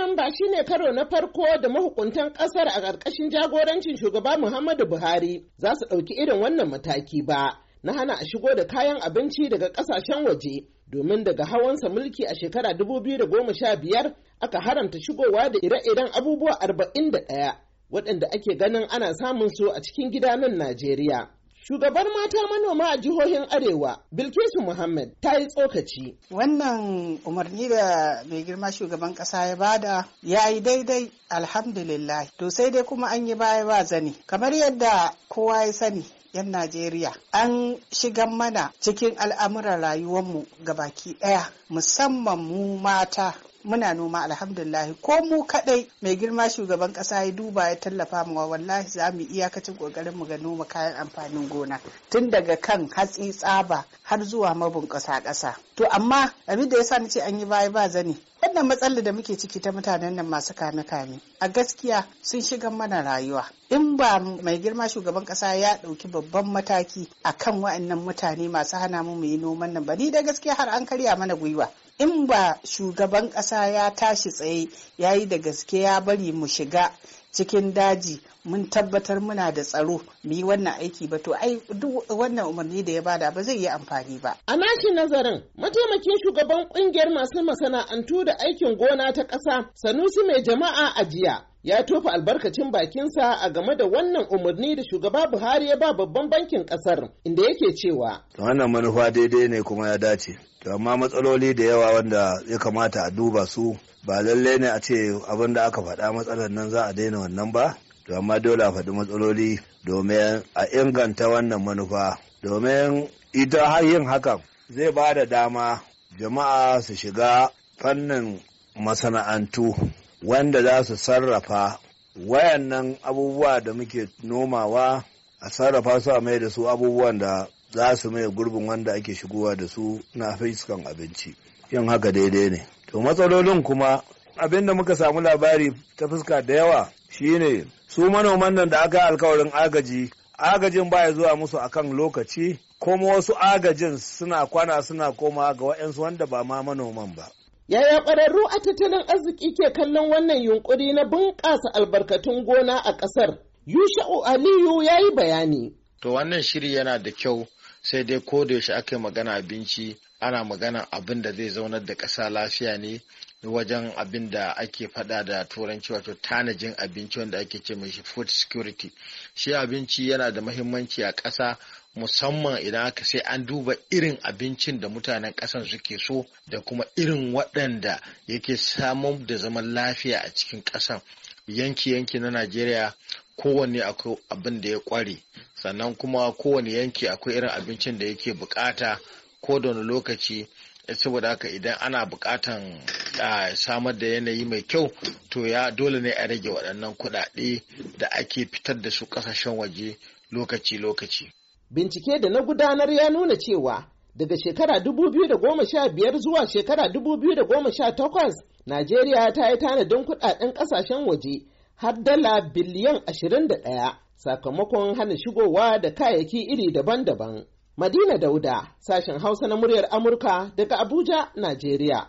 Wannan ba shi ne karo na farko da mahukuntan ƙasar a ƙarƙashin jagorancin shugaba Muhammadu Buhari za su ɗauki irin wannan mataki ba. Na hana a shigo da kayan abinci daga ƙasashen waje domin daga hawansa mulki a shekara 2015 aka haramta shigowa da ire-iren abubuwa 41 waɗanda ake ganin ana samun su a cikin gidanan Najeriya. Shugabar mata manoma a jihohin Arewa, Bilkisu Muhammad ta yi tsokaci. Wannan umarni da mai girma shugaban ƙasa ya bada ya yi daidai alhamdulillah. To sai dai kuma an yi baya ba zani. Kamar yadda kowa ya sani, 'yan Najeriya an shiga mana cikin al'amuran ga baki ɗaya musamman mu mata muna noma alhamdulillah ko mu kadai mai girma shugaban kasa ya duba ya tallafa mu wallahi za mu iyakacin kokarin mu ga noma kayan amfanin gona tun daga kan hatsi tsaba har zuwa mabun kasa kasa to amma abin da yasa nace an yi baya ba zani wannan matsalar da muke ciki ta mutanen nan masu kame kame a gaskiya sun shiga mana rayuwa in ba mai girma shugaban kasa ya dauki babban mataki akan wa'annan mutane masu hana mu mu yi noman nan ba ni da gaskiya har an karya mana gwiwa in ba shugaban kasa ƙasa ya tashi tsaye ya yi da gaske ya bari mu shiga cikin daji mun tabbatar muna da tsaro mu yi wannan aiki ba to ai duk wannan umarni da ya bada ba zai yi amfani ba. A nashi nazarin mataimakin shugaban kungiyar masu masana'antu da aikin gona ta ƙasa Sanusi mai jama'a a jiya ya tofa albarkacin bakinsa a game da wannan umarni da shugaba Buhari ya ba babban bankin kasar inda yake cewa. Wannan manufa daidai ne kuma ya dace. amma matsaloli da yawa wanda ya kamata a duba su ba lallai ne a ce abin da aka faɗa matsalar nan za a daina wannan ba. To amma dole a faɗi matsaloli domin a inganta wannan manufa. Domin ita har yin hakan zai ba da dama jama'a su shiga fannin masana'antu wanda za su sarrafa wayannan abubuwa da muke nomawa a sarrafa su a mai da su abubuwan da za su mai gurbin wanda ake shigowa da su na fiskan abinci yin haka daidai ne to matsalolin kuma abin da muka samu labari ta fuska da yawa shine su manoman nan da aka yi alkawarin agaji agajin baya zuwa musu akan lokaci kuma wasu agajin suna kwana suna koma ga wa'yansu wanda ba ma manoman ba Yaya ƙwararru a tattalin arziki ke kallon wannan yunƙuri na bunƙasa albarkatun gona a ƙasar? Yusha'u Aliyu ya yi bayani. To wannan shiri yana da kyau sai dai ko da yaushe aka yi magana abinci ana magana abin da zai zaunar da ƙasa lafiya ne wajen abin da ake faɗa da turanci wato tanajin abinci wanda ake ce mai food security shi abinci yana da mahimmanci a ƙasa musamman idan aka sai an duba irin abincin da mutanen ƙasan suke so da kuma irin waɗanda yake samun da zaman lafiya a cikin ƙasan yanki-yanki na najeriya kowanne akwai abin da ya ƙware sannan kuma kowane yanki akwai irin abincin da yake bukata ko da wani lokaci eh, saboda haka idan ana bukatan samar da yanayi mai kyau to ya dole ne a rage waɗannan kuɗaɗe da ake fitar da su ƙasashen waje lokaci-lokaci. Bincike da na gudanar ya nuna cewa daga shekara 2015 zuwa shekara 2018 Najeriya ta yi tanadin kuɗaɗen ƙasashen waje har dala biliyan 21 sakamakon hana shigowa da kayayyaki iri daban-daban. Madina Dauda, sashen Hausa na muryar Amurka daga Abuja, Najeriya.